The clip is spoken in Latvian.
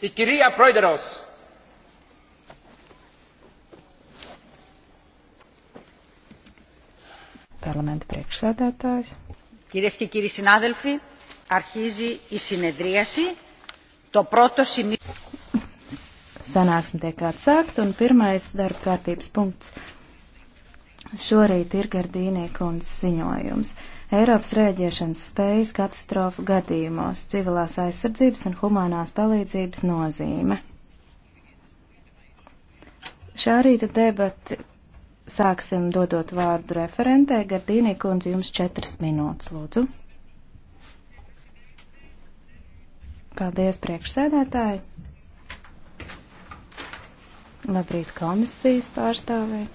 Η κυρία Πρόεδρος. Parlamenta priekšsēdētājs. Κυρίες και κύριοι συνάδελφοι, αρχίζει η συνεδρίαση. Το πρώτο σημείο... Sanāksme tiek atsākt un pirmais darba kārtības punkts Šorīt ir Gardīnieka un ziņojums. Eiropas rēģiešanas spējas katastrofu gadījumos civilās aizsardzības un humanās palīdzības nozīme. Šā rīta debati sāksim dodot vārdu referentē. Gardīnieka un jums četras minūtes, lūdzu. Paldies, priekšsēdētāji. Labrīt, komisijas pārstāvēji.